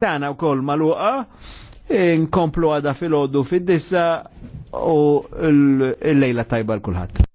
tana u koll maluqa, nkomplu għada fil-ħoddu fid-dissa u l-lejla tajba l-kulħat.